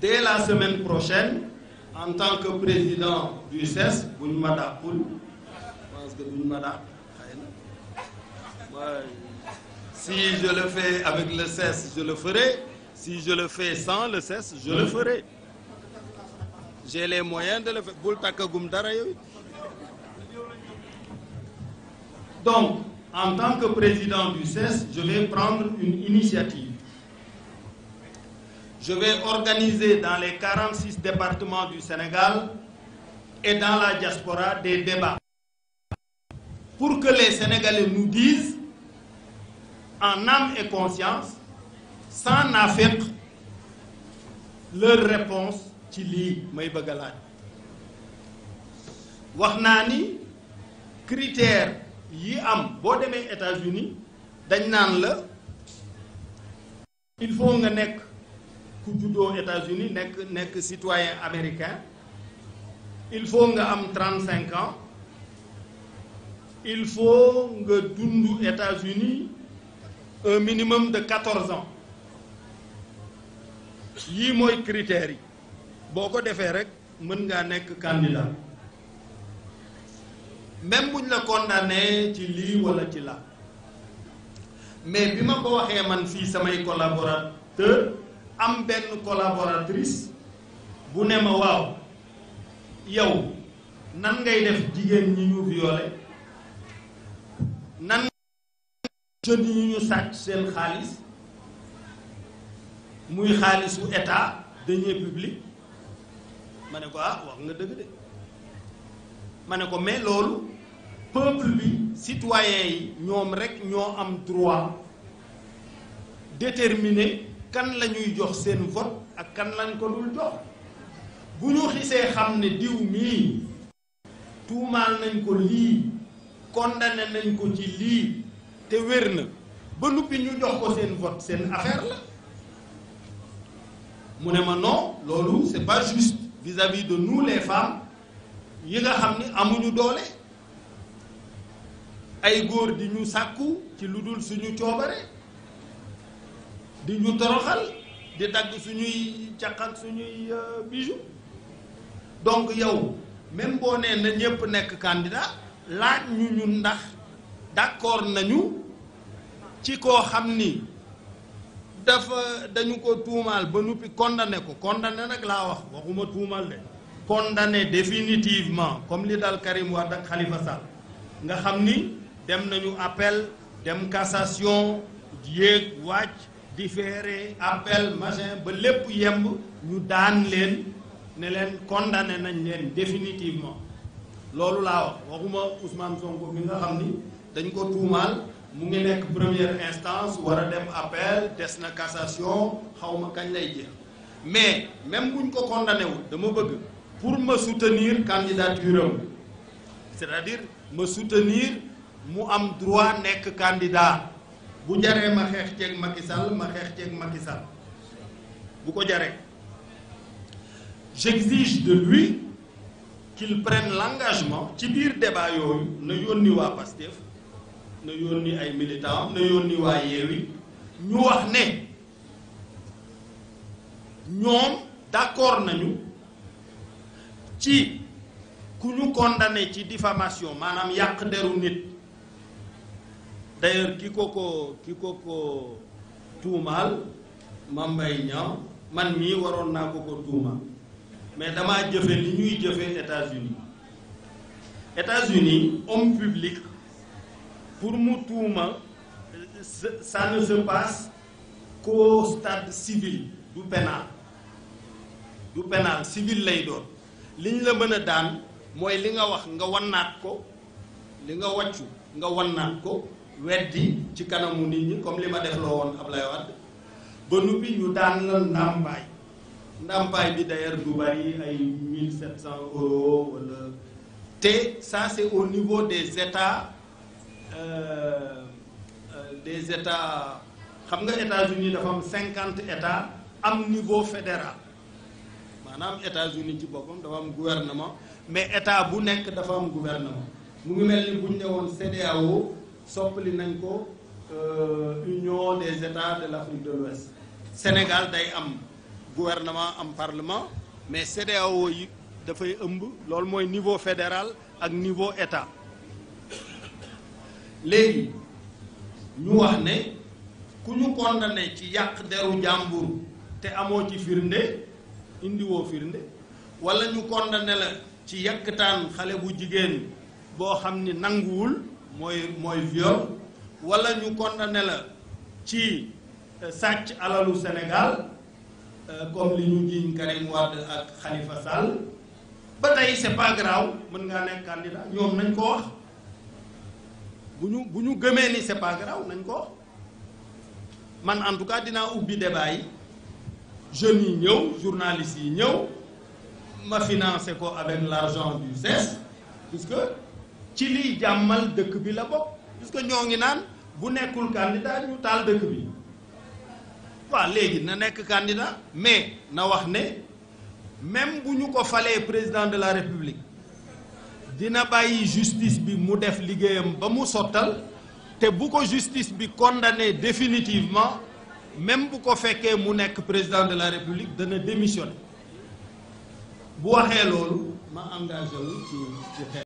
dès la semaine prochaine en tant que président du CES bu ñu ma dàqul que bu si je le fais avec le CES e je le ferai si je le fais sans le CES e je le ferai j'ai les moyens de le faire bul tàkkagum dara yooyu donc en tant que président du CES e je vais prendre une initiative je vais organiser dans les 46 départements du Sénégal et dans la diaspora des débats pour que les Sénégalais nous disent en âme et conscience sans affecter leur réponse ci lii may bëgg laaj wax naa ni critères yi am boo demee États-Unis dañ naan la il faut nga nekk ku juddoo États-Unis nekk nekk citoyen américain il faut nga am trente cinq ans il faut nga dund États-Unis un minimum de quatorze ans yii mooy critères yi boo ko defee rek mën ngaa nekk candidat même buñ la condamné ci lii walla ci la mais bi ma ko waxee man fii samay collaborateur am benn collaboratrice bu ne ma waaw yow nan ngay def jigéen ñi ñu violé nan jeunes yi ñu sàcc seen xaalis muy xaalisu état denier public ma ne ko ah wax nga dëgg de ma ne ko mais loolu peuple bi citoyen yi ñoom rekk ñoo am droit déterminé kan lañuy jox seen vote ak kan lañ ko dul jox bu ñu xisee xam ne diw mii tuumaal nañ ko lii condamné nañ ko ci lii te wér na ba nuppi ñu jox ko seen vote seen affaire la mu ne ma noo loolu c'est pas juste vis-à-vis de nous les yi nga xam ni amuñu doole ay góor di ñu sàkku ci lu dul suñu coobare di ñu toroxal di dagg suñuy caq ak suñuy euh, bijou donc yow même boo nee na ñëpp nekk candidat laaj ñu ñun ndax d'accord nañu ci koo xam ni dafa dañu ko tuumaal ba nuppi condamné ko condamné nag laa wax waxuma tuumaal de condamné définitivement comme li dal Karim Wade ak Khalifa Sall nga xam ni dem nañu appel dem cassation yéeg wàcc différé appel machin ba lépp yemb ñu daan leen ne leen condamné nañ leen définitivement loolu laa wax waxuma Ousmane Sonko mi nga xam ni dañ ko tuumaal mu ngi nekk première instance war a dem appel des na cassation xawma kañ lay jeex mais même buñ ko condamné wul dama bëgg pour ma soutenir candidature am c'est-à-dire ma soutenir mu am droit nekk candidat bu jaree ma xeex ceeg Macky ma xeex ceeg Macky bu ko jaree j'exige de lui qu'il prenne ci biir débat yooyu na yónni waa Pastef na yónni ay militants na yónni waa Yewwi ñu wax ne ñoom d'accord nañu ci ku ñu condamné ci diffamation maanaam yàq deru nit d'ailleurs ki ko ko ki ko ko tuumaal Mame Mbaye Niang man mii waroon naa ko ko tuuma mais damaa jëfe li ñuy jëfe États-Unis États-Unis homme public pour mu tuuma ça ne se passe qu'au stade civil du pénal du pénal civil lay doon liñ la mën a daan mooy li nga wax nga wannaat ko li nga wàccu nga wannaat ko weddi ci kanamu nit ñi comme li ma def loo woon lay Wade ba nuppi ñu daan la ndàmpaay ndàmpaay bi d'ailleurs du bari ay mille sept cent euros wala te ça c'est au niveau des états euh, euh des états xam nga États-Unis dafa am cinquante états am niveau fédéral maanaam états uni ci boppam dafa am gouvernement mais état bu nekk dafa am gouvernement mu ngi mel ni buñ ne woon CEDEAO soppali nañ ko euh, union des états de l' Afrique de l'Ouest Sénégal day am gouvernement am parlement mais CEDEAO yi dafay ëmb loolu mooy niveau fédéral ak niveau état léegi ñu wax ne ku ñu condamné ci yàq deru jàmbur te amoo ci firnde indiwoo firnde walla ñu condamné la ci yàkkataan xale bu jigéen boo xam ni nanguwul mooy mooy viol wala ñu condamné la ci euh, sàcc alalu Sénégal euh, comme li ñu jiiñ Karim Wade ak Khalifa Sall ba tey c'est mën ngaa nekk candidat ñoom nañ ko wax bu ñu bu ñu gëmee ni c'est pas nañ ko wax man en tout cas dinaa ubbi débat yi jeunes yi ñëw journalistes yi ñëw ma financé ko avec l'argent du CES puisque ci liy jàmmal dëkk bi la bokk puisque ñoo ngi naan bu nekkul candidat ñu taal dëkk bi waaw léegi na nekk candidat mais na wax ne même bu ñu ko falee président de la république dina bàyyi justice bi mu def liggéeyam ba mu sottal te bu ko justice bi condamné définitivement même bu ko fekkee mu nekk président de la république dana démissionné bu waxee loolu ma engagé ci ci